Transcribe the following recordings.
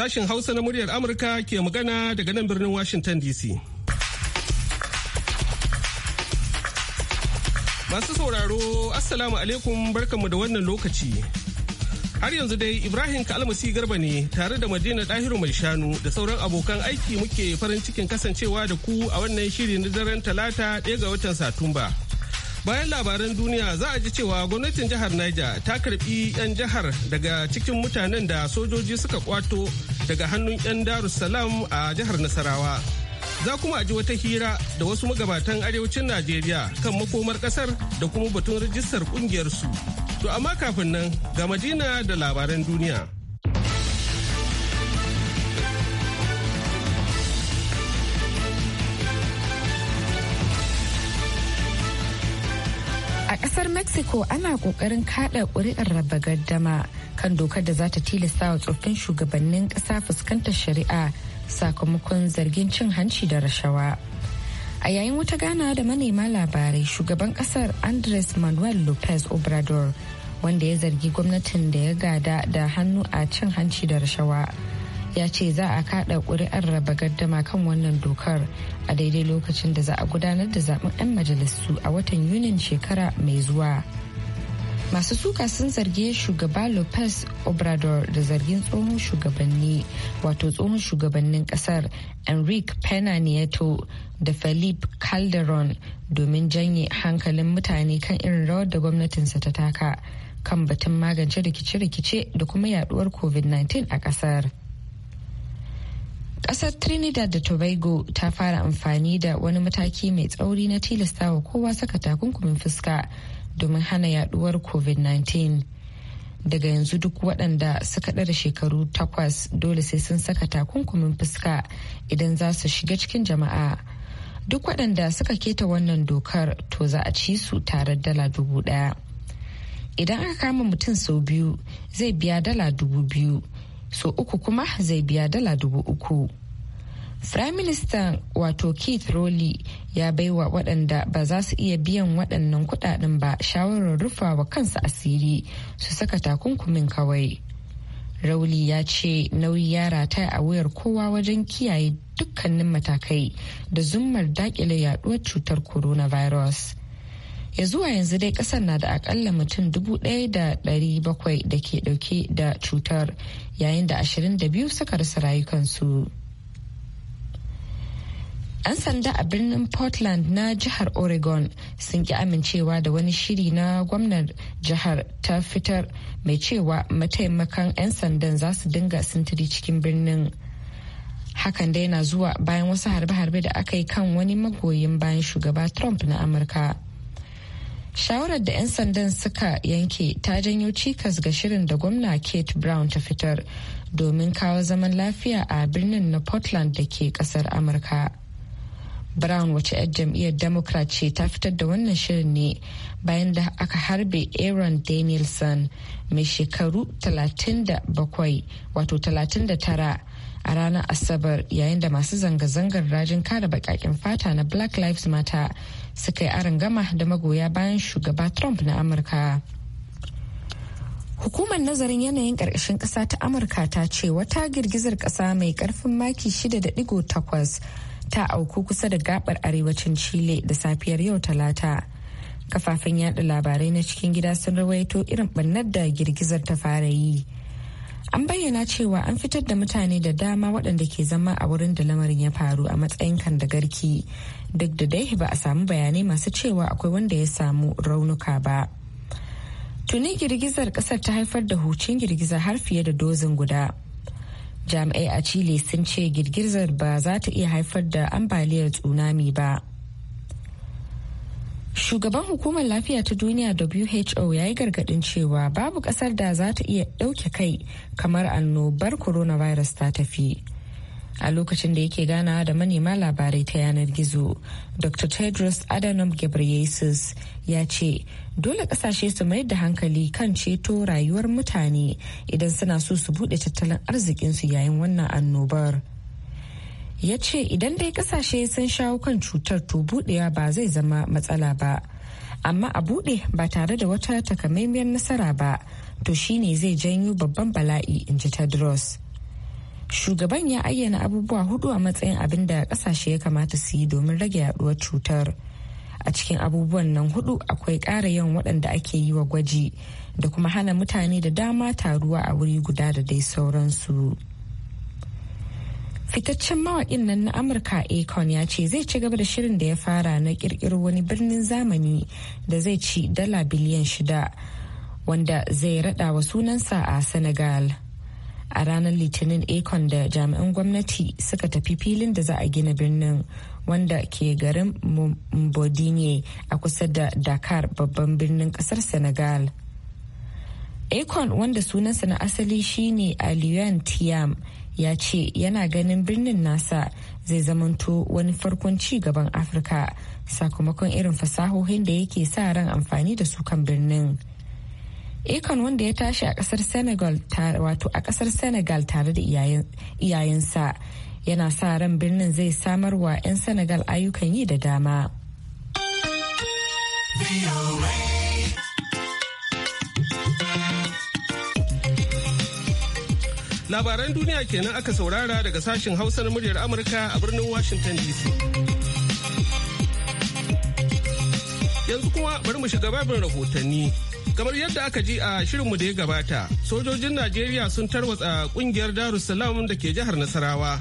Sashen Hausa na muryar Amurka ke magana daga nan birnin Washington DC. Masu sauraro, Assalamu alaikum barkanmu da wannan lokaci. Har yanzu dai Ibrahim Kalmasi Garba ne tare da Madina Dahiru Mai Shanu da sauran abokan aiki muke farin cikin kasancewa da ku a wannan shiri na daren talata ɗaya ga watan Satumba. Bayan labaran duniya za a ji cewa gwamnatin jihar Niger ta karbi 'yan jihar daga cikin mutanen da sojoji suka kwato daga hannun 'yan Darussalam a jihar Nasarawa. Za kuma a ji wata hira da wasu magabatan arewacin Najeriya kan makomar kasar da kuma batun rijistar kungiyarsu. To amma kafin nan ga Madina da labaran duniya. mexico ana kokarin kada kuri'ar raba gardama kan dokar da za ta tilasta wa tsoffin shugabannin kasa fuskantar shari'a sakamakon zargin cin hanci da rashawa a yayin wata gana da manema labarai shugaban kasar andres manuel lopez obrador wanda ya zargi gwamnatin da ya gada da hannu a cin hanci da rashawa ya ce za a kada kuri'ar raba gardama kan wannan dokar a daidai lokacin da za a gudanar da zaben 'yan majalisu a watan yunin shekara mai zuwa masu suka sun zarge shugaba lopez obrador da zargin tsohon shugabanni wato tsohon shugabannin kasar enrique pena nieto da felipe calderon domin janye hankalin mutane kan irin rawar da gwamnatinsa ta taka kan batun magance rikice-rikice da kuma yaduwar covid-19 a kasar. Kasar Trinidad da Tobago ta fara amfani da wani mataki mai tsauri na tilastawa kowa saka takunkumin fuska domin hana yaduwar COVID-19. Daga yanzu duk waɗanda suka ɗara shekaru takwas dole sai sun saka takunkumin fuska idan za su shiga cikin jama'a. Duk waɗanda suka keta wannan dokar to za a ci su tare dala dubu ɗaya. Idan aka kama mutum sau biyu zai biya dala dubu biyu, sau uku kuma zai biya dala dubu uku. Prime Minister wato Keith Rowley ya baiwa waɗanda ba za su iya biyan waɗannan kuɗaɗen ba shawarar rufawa kansu asiri su saka takunkumin kawai. Rauli ya ce nauyi ya rata a wuyar kowa wajen kiyaye dukkanin matakai da zummar dakile yaɗuwar cutar coronavirus. Ya zuwa yanzu dai kasar na da akalla mutum dubu ɗaya da ɗari bakwai da ke ɗauke da cutar yayin da ashirin da biyu suka rasa rayukansu. 'Yan sanda a birnin Portland na jihar Oregon sun ki amincewa da wani shiri na gwamnan jihar ta fitar mai cewa mataimakan 'yan sandan za su dinga sintiri cikin birnin. Hakan dai na zuwa bayan wasu harbe-harbe da aka yi kan wani magoyin bayan shugaba Trump na Amurka. Shawarar da 'yan sandan suka yanke ta janyo cikas ga shirin da gwamna Kate Brown ta fitar domin kawo zaman lafiya a birnin na Portland da ke kasar Amurka. brown wacce 'yar jam'iyyar democrat ce ta fitar da wannan shirin ne bayan da aka harbe aaron danielson mai shekaru 37 wato 39 a ranar asabar yayin da masu zanga-zangar rajin kare bakakin fata na black lives matter suka yi gama da magoya bayan shugaba trump na amurka Hukumar nazarin yanayin ƙarƙashin ƙasa ta Amurka ta ce wata girgizar ƙasa mai karfin maki 6.8 ta auku kusa da gabar arewacin chile da safiyar yau talata kafafen yada labarai na cikin gida sun rawaito irin barnar da girgizar ta fara yi an bayyana cewa an fitar da mutane da dama waɗanda ke zama a wurin da lamarin ya faru a matsayin kan da garki duk da dai ba a samu bayanai masu cewa akwai wanda ya samu raunuka ba tuni girgizar ƙasar ta haifar da hucin girgiza har fiye da dozin guda jami'ai a chile sun ce girgizar ba za ta iya haifar da ambaliyar tsunami ba shugaban hukumar lafiya ta duniya who ya yi gargadin cewa babu kasar da za ta iya dauke kai kamar annobar coronavirus ta tafi a lokacin da yake ganawa da manema labarai ta yanar gizo dr tedros adhanom ghebreyesus ya ce dole kasashe su mayar da hankali kan ceto rayuwar mutane idan suna so su bude tattalin arzikinsu yayin wannan annobar ya ce idan dai kasashe sun shawo kan cutar to budewa ba zai zama matsala ba amma a bude ba tare da wata takamaimiyar nasara ba to shine zai janyo babban bala'i in ji tedros shugaban ya ayyana abubuwa hudu a matsayin abin da kasashe ya kamata su yi domin rage yaduwar cutar a cikin abubuwan nan hudu akwai ƙara yawan waɗanda ake yi wa gwaji da kuma hana mutane da dama taruwa a wuri guda da dai sauransu fitaccen mawaƙin nan na amurka akon ya ce zai ci gaba da shirin da ya fara na ƙirƙiro wani birnin zamani da zai ci dala biliyan shida wanda zai raɗa wa sunansa a senegal a ranar litinin econ da jami'an gwamnati suka tafi filin da za a gina birnin wanda ke garin mbodinye a kusa da dakar babban birnin kasar senegal akon wanda sunansa na asali shine aliyan tiam ya ce yana ganin birnin nasa zai zamanto wani farkon ci gaban afirka sakamakon irin fasahohin da yake sa ran amfani da su kan birnin Ikon wanda ya tashi a kasar Senegal wato a kasar Senegal tare da iyayensa yana sa ran birnin zai samar wa 'yan Senegal ayyukan yi da dama. Labaran duniya kenan aka saurara daga sashen Hausa na muryar Amurka a birnin Washington DC. yanzu kuma bari mu shiga babin rahotanni kamar yadda aka ji a shirinmu da ya gabata sojojin najeriya sun tarwatsa kungiyar darussalam da ke jihar nasarawa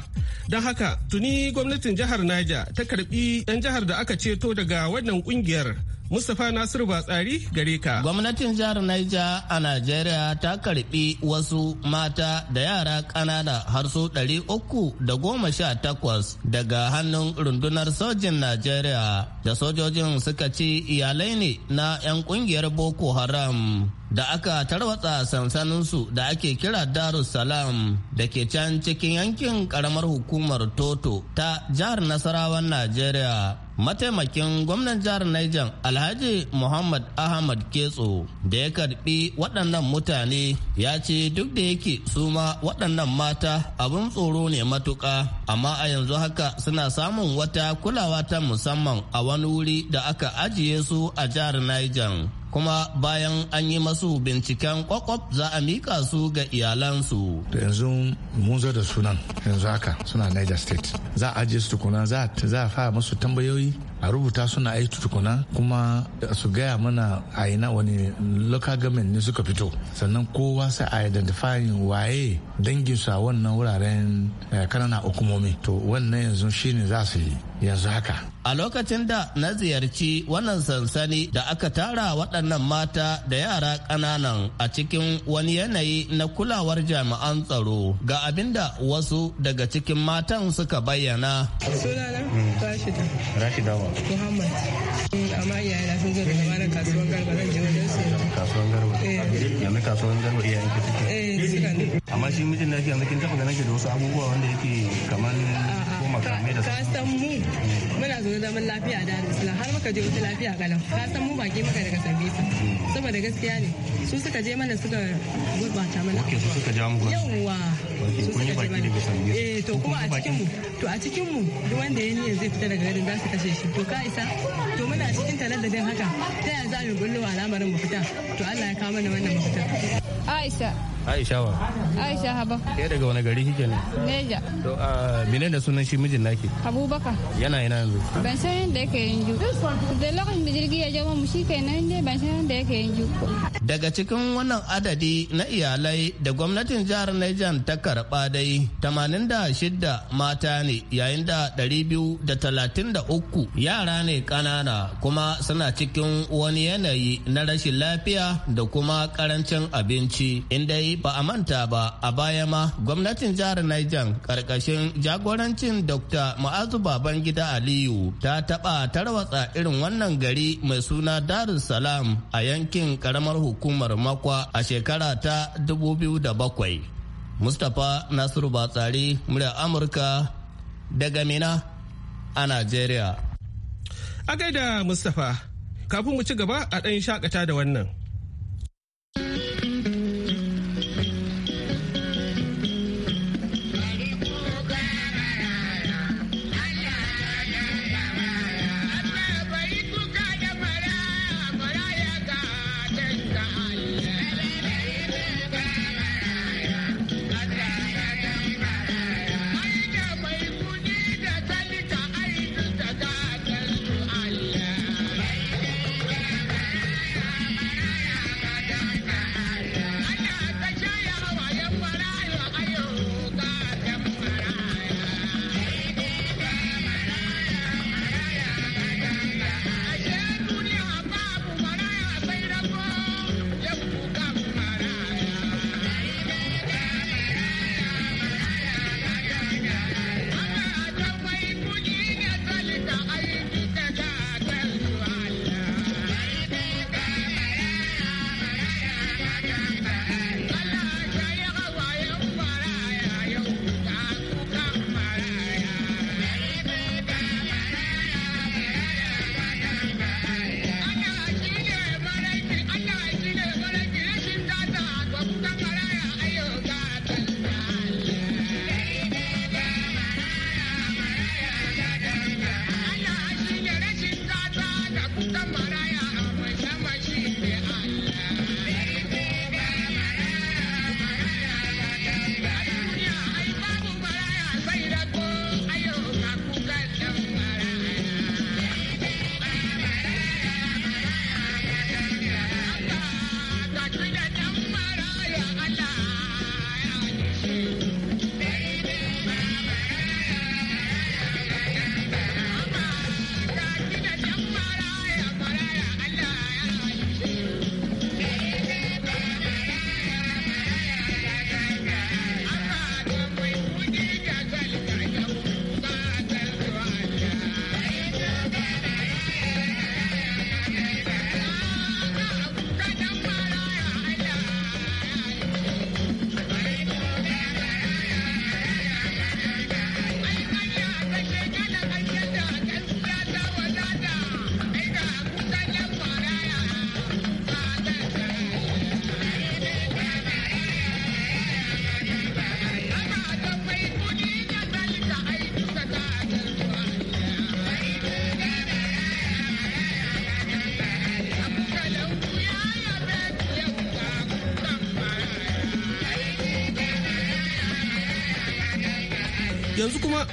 don haka tuni gwamnatin jihar naija ta karbi 'yan jihar da aka ceto daga wannan kungiyar Mustapha Nasiru Batsari gare ka. Gwamnatin jihar Niger a Najeriya ta karbi wasu mata da yara ƙanana har su ɗari uku da goma sha takwas daga hannun rundunar sojin Najeriya da sojojin suka ci iyalai ne na 'yan ƙungiyar Boko Haram. da aka tarwatsa sansaninsu da ake kira darussalam da ke can cikin yankin karamar hukumar toto ta jihar nasarawar najeriya mataimakin gwamnan jihar niger alhaji muhammad ahmad ketso da ya karbi waɗannan mutane ya ce duk da yake su ma waɗannan mata abin tsoro ne matuƙa amma a yanzu haka suna samun wata kulawa ta musamman a wani wuri da aka ajiye su a jihar niger kuma bayan an yi masu binciken kwakwaf za a mika su ga iyalansu. Da yanzu mun da sunan yanzu haka suna Niger State. Za a ajiye su tukuna za a fara masu tambayoyi a rubuta suna aiki tukuna kuma su gaya mana a ina wani local government ne suka fito sannan kowa sai a identify waye dangin su wannan wuraren kanana eh, hukumomi to wannan yanzu shine za su yi yanzu haka. A lokacin da na ziyarci wannan sansani da aka tara waɗannan mata da yara ƙananan a cikin wani yanayi na kulawar jami'an tsaro ga abin da wasu daga cikin matan suka bayyana. Sunana mm. Rashida. Rashida wa. Muhammad. Amma iyayena sun zo daga kasuwan gargazan jihohin su. kasuwan garba eh. yanzu kasuwan garba iya ki eh, suke amma shi mijin lafiya yanzu kin taba ganin shi da wasu abubuwa wanda yake kamar ko makamai da ka san mu muna zo zaman lafiya da Islam har muka je wata lafiya kalam ka san mu baki muka daga Sambisa hmm. saboda gaskiya ne su suka je mana suka gurbata mana ke su suka ja mu yawa su suka ji bani eh to kuma a cikin mu to a cikin mu duk wanda ya zai fita daga garin za su kashe shi to ka isa to muna cikin taladadin haka ta yaya za mi bullo al'amarin mafita to Allah ya kawo mana wannan mafita Aisha Aisha wa? Aisha Haba. Ke daga wani gari kike ne? Neja. To a da sunan shi mijin naki? Abubakar. Yana yana yanzu. Ban san yadda yake yanzu. Da lokacin da jirgi ya je mu shi kenan ne ban san yadda yake yanzu. Daga cikin wannan adadi na iyalai da gwamnatin jihar Niger ta karba dai da shida mata ne yayin da da da uku yara ne kanana kuma suna cikin wani yanayi na rashin lafiya da kuma karancin abinci inda ba a manta ba a baya ma gwamnatin jihar Niger karkashin jagorancin Dr. Ma'azu Babangida Aliyu ta taba tarwatsa irin wannan gari mai suna Darus Salam a yankin karamar hukumar Makwa a shekara ta 2007. Mustapha Nasiru Batsari murya Amurka daga Mina a Nigeria. A gaida Mustapha, kafin mu ci gaba a ɗan shakata da wannan.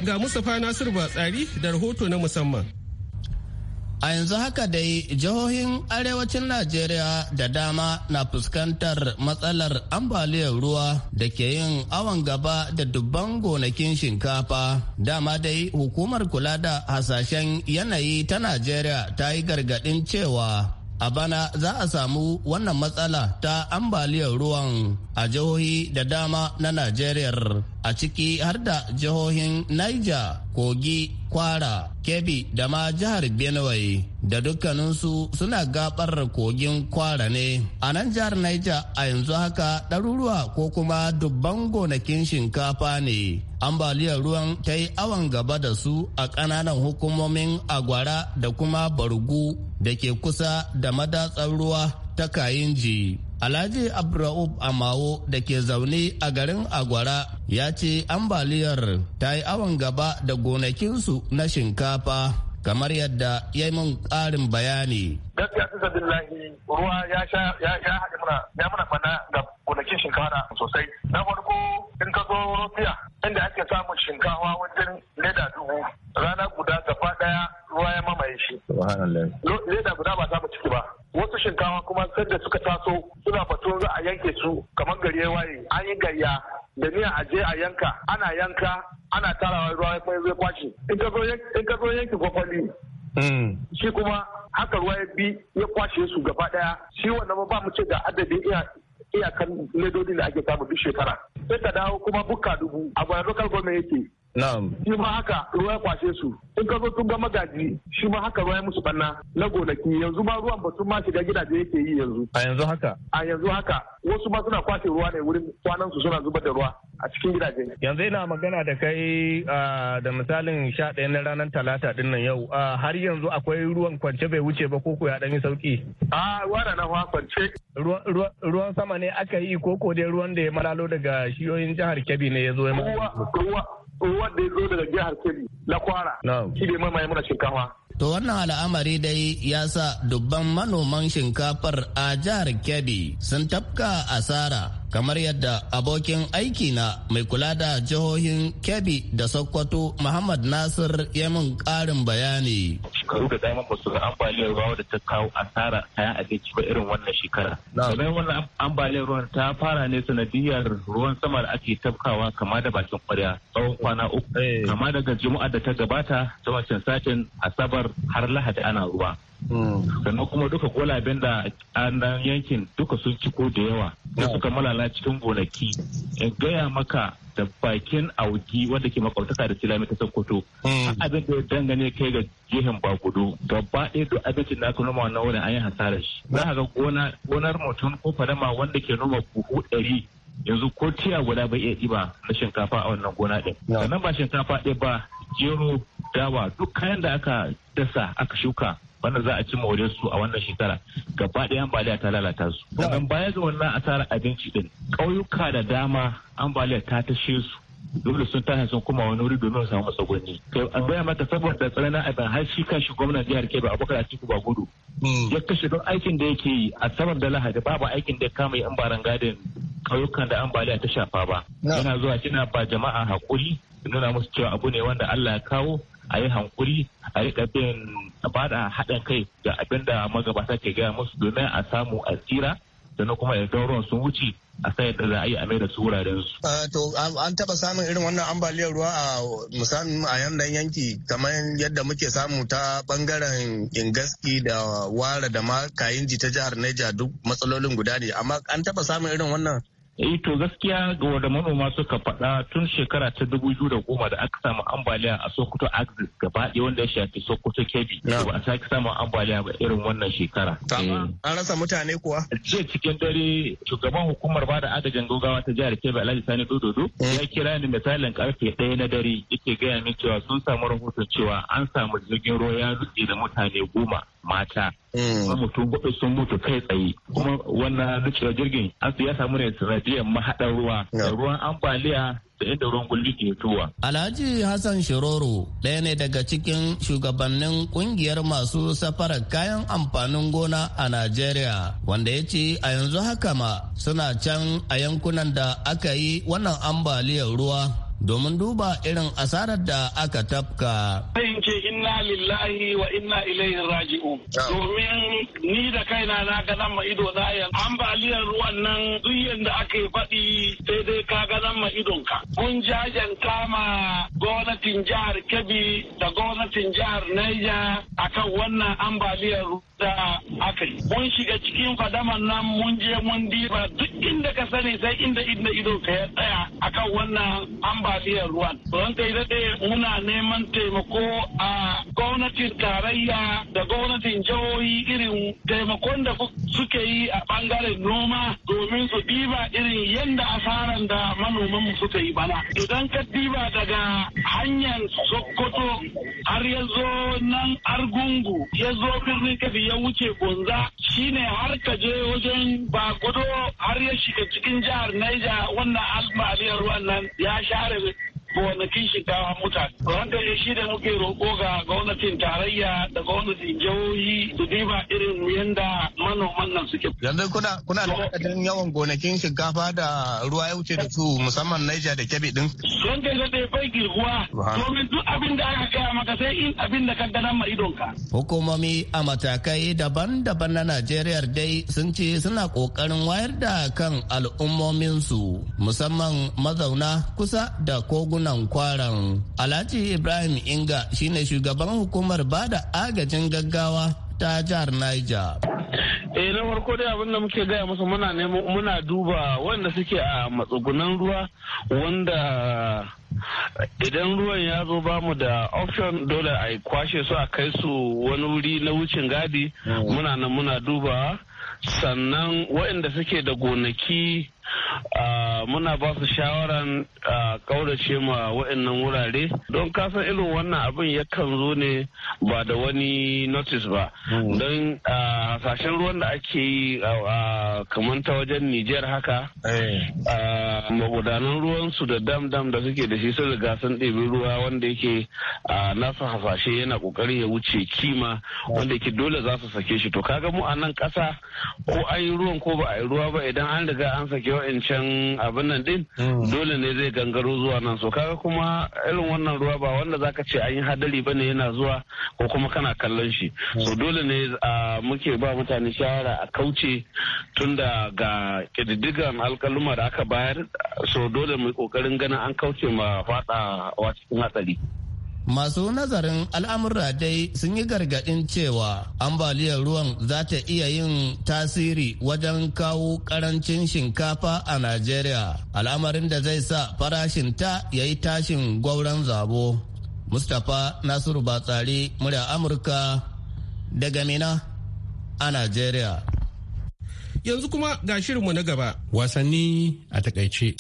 ga Mustapha Nasiru Batsari da rahoto na musamman. A yanzu haka dai jihohin arewacin Najeriya da dama na fuskantar matsalar ambaliyar ruwa da ke yin awon gaba da dubban gonakin shinkafa. Dama dai hukumar kula da hasashen yanayi ta Najeriya ta yi gargaɗin cewa a bana za a samu wannan matsala ta ambaliyar ruwan a jihohi da dama na Najeriya. a ciki har da jihohin Niger, Kogi, Kwara, Kebbi da ma jihar Benue da dukkaninsu suna gabar kogin Kwara ne. A nan jihar Niger a yanzu haka ɗaruruwa ko kuma dubban gonakin shinkafa ne. Ambaliyar ruwan ta yi awon gaba da su a ƙananan hukumomin Agwara da kuma Bargu da ke kusa da madatsar ruwa ta Kayinji. Alhaji Abdurra'ub Amawo da ke zaune a garin Agwara ya ce ambaliyar ta yi awon gaba da gonakinsu na shinkafa kamar yadda ya yi min ƙarin bayani. Gaskiya su sabillahi ruwa ya sha ya haɗe mana ya mana ga gonakin shinkafa sosai. Na farko in ka zo Rufiya inda ake samun shinkafa wajen leda dubu rana guda gaba ɗaya ruwa ya mamaye shi. Leda guda ba samu ciki ba. shinkawa kuma da suka taso suna fatu za a yanke su kamar gari ya waye an yi gayya da miya a je a yanka ana yanka ana tarawa ruwa kwaye zai kwashe in ka zo yanki kwakwali hmm. shi kuma haka ruwa ya bi ya kwashe su gaba daya shi wannan ba mu ce da adadin iya iyakan ledodin da ake samu duk shekara sai ka dawo kuma bukka dubu a gwanar local government yake Shi ma haka ruwa ya kwashe su. In ka zo tun ga magaji shi ma haka ruwa ya musu banna na gonaki yanzu ma ruwan batun ma shiga gidaje yake yi yanzu. A yanzu haka? A yanzu haka. Wasu ma suna kwashe ruwa ne wurin kwanan su suna zubar da ruwa a cikin gidaje. Yanzu ina magana da kai ah, da misalin sha ɗaya na ranar talata din nan yau. Ah, har yanzu akwai ruwan kwance bai wuce ba koko ya ɗan yi sauki. A wara na fa kwance. Ruwan sama ne aka yi koko dai ruwan da ya malalo daga shiyoyin jihar Kebbi ne ya zo ya wanda ya zo daga jihar Kebbi na kwara shi ne mamaye muna shinkafa. To wannan al'amari dai ya sa dubban manoman shinkafar a jihar Kebbi sun tafka asara kamar yadda abokin aiki na mai kula da jihohin kebbi da sokoto muhammad nasir ya min karin bayani shekaru da dama su ga ambaliyar ruwa da ta kawo asara kayan abinci ba irin wannan shekara kamar wannan ambaliyar ruwan ta fara ne sanadiyar ruwan sama da ake tafkawa kama da bakin kwarya tsawon kwana uku eh. kama daga juma'a da ta gabata ta wancan satin asabar har lahadi ana ruwa sannan kuma duka gwalaben da an yankin duka sun ciko da yawa da suka malala cikin gonaki in gaya maka da bakin auki wanda ke makwabtaka da silami ta sokoto hmm. abin da ya dangane kai ga jihin bakudu gaba ɗaya duk abincin da aka noma wannan wurin an yi hasarar shi za a ga gonar mutum ko fadama wanda ke noma buhu ɗari yanzu ko tiya guda bai iya ɗiba na shinkafa a wannan gona ɗin sannan ba shinkafa ɗaya ba jero dawa duk kayan da aka dasa aka shuka wanda za a ci more su a wannan shekara gaba ɗaya ambaliya ta lalata su daga baya ga wannan asarar abinci din ƙauyuka da dama ambaliya ta tashe su dole sun tashi sun kuma wani wuri domin samu matsagwanni kai an gaya maka saboda tsananin abin har shi kashi gwamnan jihar kebe abokan atiku ba gudu hmm. ya kashe don aikin da yake yi a saman da lahadi babu aikin da ya kama yan baran gadin ƙauyukan da ambaliya ta shafa ba yana zuwa kina ba jama'a haƙuri nuna musu cewa abu ne wanda allah ya kawo a yi hankuri a rika bin ba da haɗin kai ga abin da magabata ke gaya musu domin a samu a tsira sannan kuma ya ruwan sun wuce a sai da za a yi a mai da su wuraren su. to an taba samun irin wannan ambaliyar ruwa a musamman a yandan yanki kamar yadda muke samu ta bangaren ingaski da wara da ma kayinji ta jihar neja duk matsalolin guda ne amma an taɓa samun irin wannan Eh to gaskiya ga wanda manoma suka faɗa tun shekara ta dubu biyu da goma da aka samu ambaliya a Sokoto Axis gaba ɗaya wanda ya shafi Sokoto Kebbi. Ba a sake samun ambaliya ba irin wannan shekara. Eh. An rasa mutane kuwa? Jiya cikin dare shugaban hukumar ba da agajin gaugawa ta jihar Kebbi Alhaji Sani Dododo eh. ya kira ni misalin karfe ɗaya na dare yake gaya min cewa sun samu rahoton cewa an samu jirgin ruwa ya rufe da mutane goma mata mm. mutum hudu sun mutu kai tsaye kuma wannan rikicin jirgin an ya samu ne sanadiyar mahaɗar ruwa da ruwan ambaliya da inda ruwan gulli ke tuwa. Alhaji Hassan Shiroro ɗaya ne daga cikin shugabannin ƙungiyar masu safarar kayan amfanin gona a Najeriya wanda ya ce a yanzu haka ma suna can a yankunan da aka yi wannan ambaliyar ruwa domin duba irin asarar da aka tafka. Zan ce inna lillahi wa inna ilaihi raji'u Domin ni da kaina na ga zama ido a yanzu. Ambaliyar ruwan nan duk yadda aka yi faɗi sai dai ka ga zama ka. Kun jajen kama gwamnatin jihar Kebbi da gwamnatin jihar Niger akan wannan ambaliyar ruwan. da aka Mun shiga cikin fadaman nan mun je mun diba duk inda ka sani sai inda inda ido ka ya tsaya akan wannan ambaliyar ruwan. Don kai daɗe muna neman taimako a gwamnatin tarayya da gwamnatin jihohi irin taimakon da suke yi a bangaren noma domin su diba irin yadda asaran da manomanmu suka yi bana. Idan ka diba daga hanyar Sokoto har ya zo nan Argungu ya zo birnin Kebbi ya wuce gonza shine har ka je wajen ba godo har ya shiga cikin jihar Niger wannan almaliyar wannan ya share gonakin shinkafa mutane. Hankali shi da muke roƙo ga gwamnatin tarayya da gwamnatin jihohi su diba irin yanda manoman nan suke. Yanzu kuna kuna lokacin yawan gonakin shinkafa da ruwa ya wuce da su musamman Niger da Kebbi din. Sun ga da bai girguwa domin duk abin da aka gaya maka sai in abin da ka gana don idonka. Hukumomi a matakai daban-daban na Najeriya dai sun ce suna ƙoƙarin wayar da kan al'ummominsu musamman mazauna kusa da koguna wannan kwaran. Alhaji Ibrahim Inga shine shugaban hukumar bada agajin gaggawa ta jihar Niger. eh na farko dai abin da muke gaya masa muna neman muna duba wanda suke a matsugunan ruwa wanda idan ruwan ya zo ba mu da option dole a yi kwashe su a kai su wani wuri na wucin gadi mm. muna nan muna duba sannan waɗanda suke da gonaki Ah, muna ba su shawaran kaurace ah, ma wa'annan wurare don kasan irin wannan abin yakan zo ne ba da wani notice ba hmm. don ah, hasashen ruwan da ake yi kamar ta wajen Nijar haka eh. magudanan ruwansu da dam-dam da suke da shi sun riga sun ɗebi ruwa wanda yake nasa hasashe yana ƙoƙarin ya wuce kima wanda yake dole za su sake shi to kaga mu a nan ƙasa ko an yi ruwan ko ba a yi ruwa ba idan an riga an sake can abin nan din hmm. dole ne zai gangaro zuwa nan so kaga kuma irin wannan ruwa ba wanda zaka ce an yi hadari bane yana zuwa ko kuma kana kallon shi so hmm. dole ne muke ba mutane shawara a kauce tunda ga kididdigan alkaluma da aka bayar so dole mu kokarin ganin an kauce ma fada cikin hatsari masu nazarin al'amura dai sun yi gargaɗin cewa ambaliyar ruwan za ta iya yin tasiri wajen kawo ƙarancin shinkafa a najeriya al'amarin da zai sa farashin ta ya yi tashin gwauron zabo mustapha nasiru batsari murya amurka daga mina a najeriya yanzu kuma ga shirinmu na gaba wasanni a takaice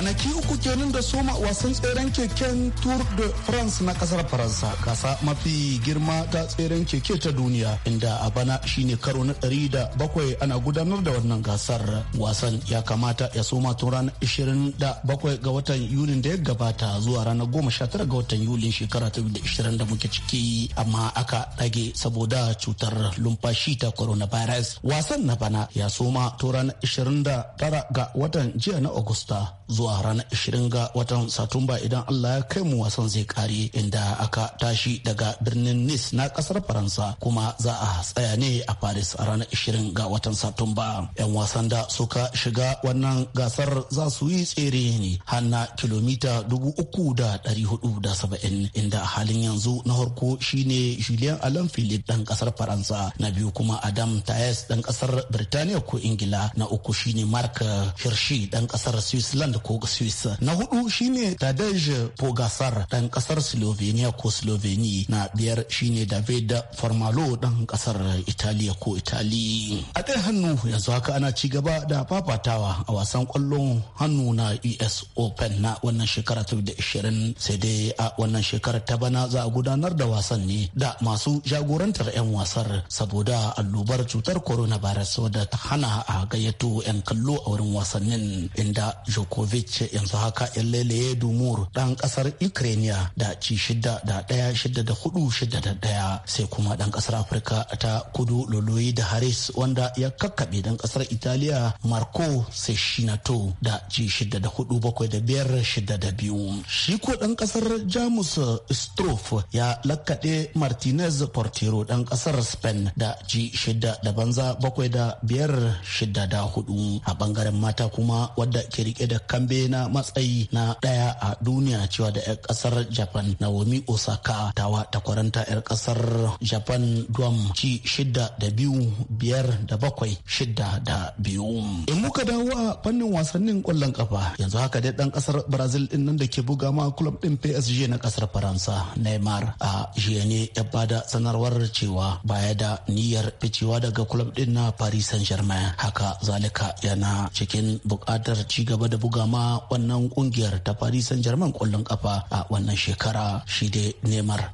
kwanaki uku kenan da soma wasan tseren keken tour de france na kasar faransa gasa mafi girma ta tseren keke ta duniya inda a bana shine karo na ɗari da bakwai ana gudanar da wannan gasar wasan ya kamata ya soma tun ranar ishirin da bakwai ga watan yuli da ya gabata zuwa ranar goma sha tara ga watan yuli shekara ta da ishirin da muke ciki amma aka dage saboda cutar lumfashi ta coronavirus wasan na bana ya soma tun ranar ishirin da tara ga watan jiya na agusta zuwa zuwa ranar 20 ga watan Satumba idan Allah ya kai mu wasan zai kare inda aka tashi daga birnin nis na kasar Faransa kuma za a tsaya ne a Paris a ranar 20 ga watan Satumba. 'Yan wasan da suka shiga wannan gasar za su yi tsere ne hanna kilomita 3,470 inda halin yanzu na harko shine Julien Alain Philippe dan kasar Faransa na biyu kuma Adam Tayes dan kasar Birtaniya ko Ingila na uku shine Mark Hirshi dan kasar Switzerland ko hamburg swiss na hudu shine tadej pogasar dan kasar slovenia ko sloveni na biyar shine david formalo dan kasar italiya ko itali a ɗaya hannu yanzu haka ana ci gaba da fafatawa a wasan kwallon hannu na us open na wannan shekara ishirin sai dai a wannan shekarar ta bana za a gudanar da wasan ne da masu jagorantar 'yan wasar saboda allobar cutar coronavirus wadda ta hana a gayyato 'yan kallo a wurin wasannin inda Djokovic ce yanzu haka Illele Dumur dan kasar Ukraine da ci shida da daya shida da hudu shida da daya sai kuma dan kasar Afirka ta kudu Loloyi da Haris wanda ya kakkabe dan kasar Italiya Marco Seshinato da ci shida da hudu bakwai da biyar shida da biyu. Shi ko dan kasar Jamus strof ya lakkaɗe Martinez Portero dan kasar Spain da ci shida da banza bakwai da biyar shida da hudu a bangaren mata kuma wadda ke rike da kambe na matsayi na ɗaya a duniya cewa da 'yar ƙasar Japan Naomi Osaka tawa takwaranta 'yar ƙasar Japan Duam ci shidda da biyu biyar da bakwai shidda da biyu. In muka dawo a fannin wasannin kwallon ƙafa yanzu haka dai ɗan ƙasar Brazil ɗin nan da ke buga ma club ɗin PSG na ƙasar Faransa Neymar a jiyane ya bada sanarwar cewa baya da niyyar ficewa daga club ɗin na Paris Saint-Germain haka zalika yana cikin buƙatar ci gaba da buga ma wannan kungiyar ta Paris Saint-Germain kwallon kafa a wannan shekara shi dai Neymar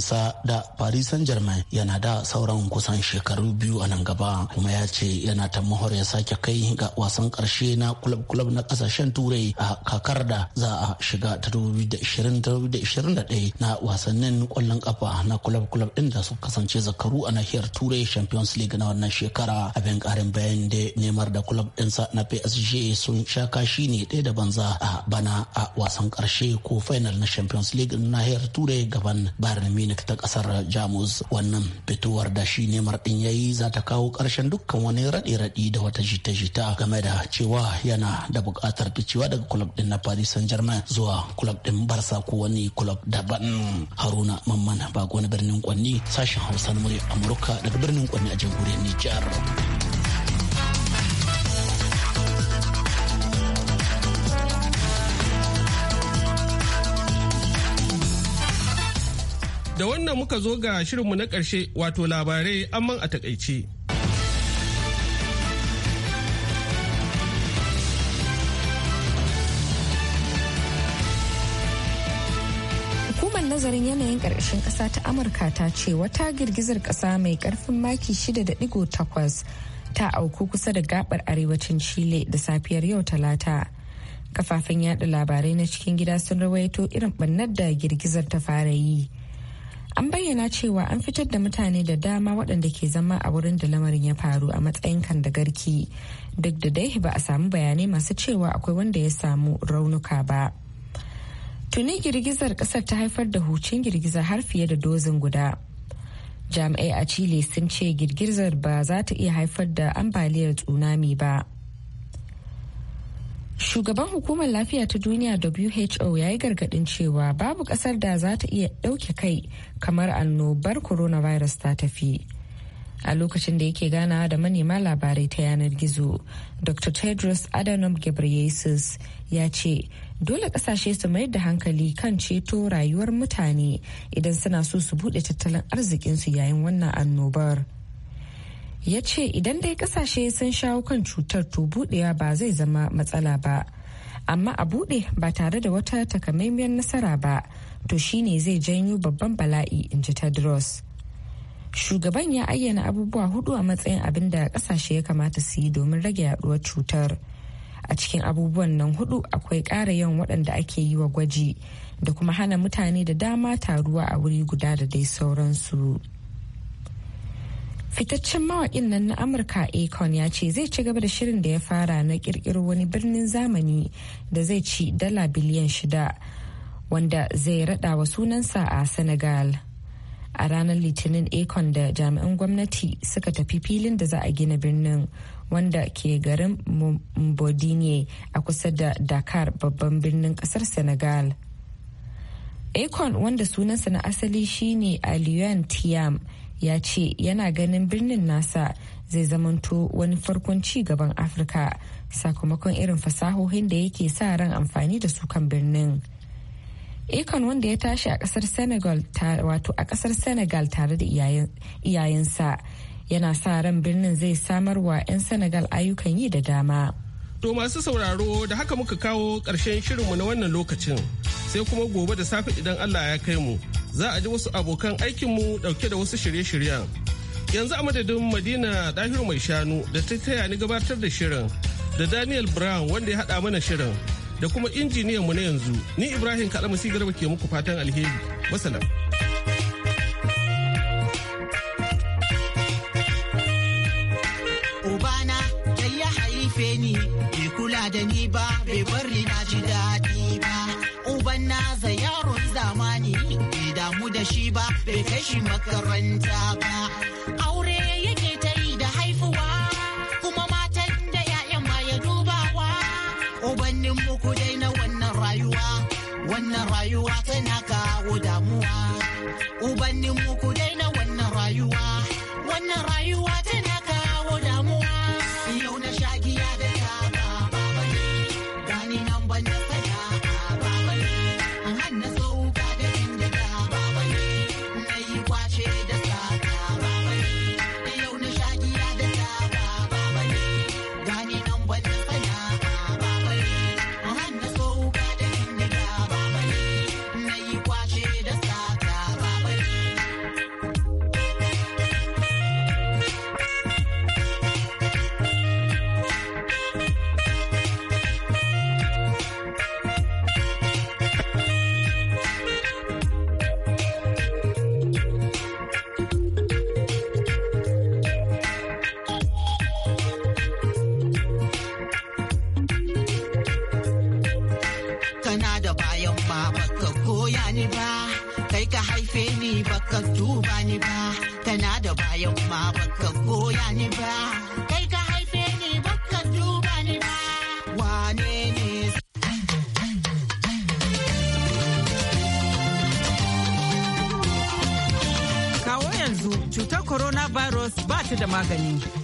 sa da Paris Saint-Germain yana da sauran kusan shekaru biyu a nan gaba kuma ya ce yana ta mahor ya sake kai ga wasan karshe na club club na kasashen turai a kakar da za a shiga ta 2020-2021 na wasannin kwallon kafa na club club din da suka kasance zakaru a nahiyar turai champions league na wannan shekara abin karin bayan da neymar da kulab ɗinsa na psg sun sha kashi ne ɗaya da banza a bana a wasan karshe ko final na champions league nahiyar turai gaban bayern munich ta ƙasar jamus wannan fitowar da shi ne marɗin ya yi za ta kawo ƙarshen dukkan wani raɗe-raɗi da wata jita-jita game da cewa yana da buƙatar ficewa daga kulab ɗin na paris saint germain zuwa kulab ɗin barsa ko wani kulab daban haruna mamman ba na birnin kwanni sashen hausa na murya amurka daga birnin kwanni a jamhuriyar nijar. Da wannan muka zo ga shirinmu na ƙarshe wato labarai amman a takaice. Hukumar nazarin yanayin ƙarƙashin ƙasa ta Amurka ta ce wata girgizar ƙasa mai ƙarfin maki 6.8 ta auku kusa da gabar arewacin Chile da safiyar yau talata. Kafafen yada labarai na cikin gida sun rawaito irin ɓannar da girgizar ta fara yi. an bayyana cewa an fitar da mutane da dama waɗanda ke zama a wurin da lamarin ya faru a matsayin kan da garki duk da dai ba a samu bayanai masu cewa akwai wanda ya samu raunuka ba tuni girgizar ƙasar ta haifar da hucin girgiza har fiye da dozin guda jami'ai a chile sun ce girgizar ba za ta iya haifar da ambaliyar tsunami ba Shugaban hukumar lafiya ta duniya WHO ya yi gargaɗin cewa babu ƙasar da za ta iya ɗauke kai kamar annobar coronavirus ta tafi. A lokacin da yake ganawa da manema labarai ta yanar gizo, Dr. Tedros Adhanom Ghebreyesus ya ce, dole ƙasashe su mayar da hankali kan ceto rayuwar mutane idan suna so su buɗe tattalin arzikinsu yayin wannan annobar. ya ce idan dai kasashe sun shawo kan cutar to budewa ba zai zama matsala ba amma a bude ba tare da wata takamaimiyar nasara ba to shine zai janyo babban bala'i in ji tedros shugaban ya ayyana abubuwa hudu a matsayin abin da kasashe ya kamata su yi domin rage yaduwar cutar a cikin abubuwan nan hudu akwai ƙara yawan waɗanda ake yi wa gwaji da kuma hana mutane da dama taruwa a wuri guda da dai sauransu. fitaccen mawaƙin nan na amurka akon ya ce zai ci gaba da shirin da ya fara na kirkiro wani birnin zamani da zai ci dala biliyan shida wanda zai raɗa wa sunansa a senegal a ranar litinin akon da jami'an gwamnati suka tafi filin da za a gina birnin wanda ke garin mbodinye a kusa da dakar babban birnin kasar senegal akon wanda sunansa na asali shine aliyu tiam ya ce yana ganin birnin nasa zai zamanto wani farkon ci gaban afirka sakamakon irin fasahohin da yake sa ran amfani da su kan birnin Ekon wanda ya tashi a kasar Senegal wato a kasar Senegal tare da iyayensa yana sa ran birnin zai samar wa 'yan Senegal ayyukan yi da dama. To masu sauraro da haka muka kawo ƙarshen shirinmu na wannan lokacin sai kuma gobe da safe idan Allah ya kai mu za a ji wasu abokan aikinmu ɗauke da wasu shirye-shiryen. Yanzu a madadin Madina Ɗahir Mai Shanu da ta taya ni gabatar da shirin da Daniel Brown wanda ya haɗa mana shirin da kuma injiniyanmu na yanzu ni Ibrahim Kalamasi Garba ke muku fatan alheri. Wasalam. bai kai shi makaranta ba aure yake ta yi da haifuwa kuma matan da ya'yan ma ya dubawa ubannin muku dai na wannan rayuwa wannan rayuwa tana kawo damuwa ubannin muku dai na wannan rayuwa wannan rayuwa haife ni baka duba ni ba tana da bayan ma baka goya ni ba kai ka haife ni baka duba ni ba wane ne kawo yanzu cutar coronavirus ba ta da magani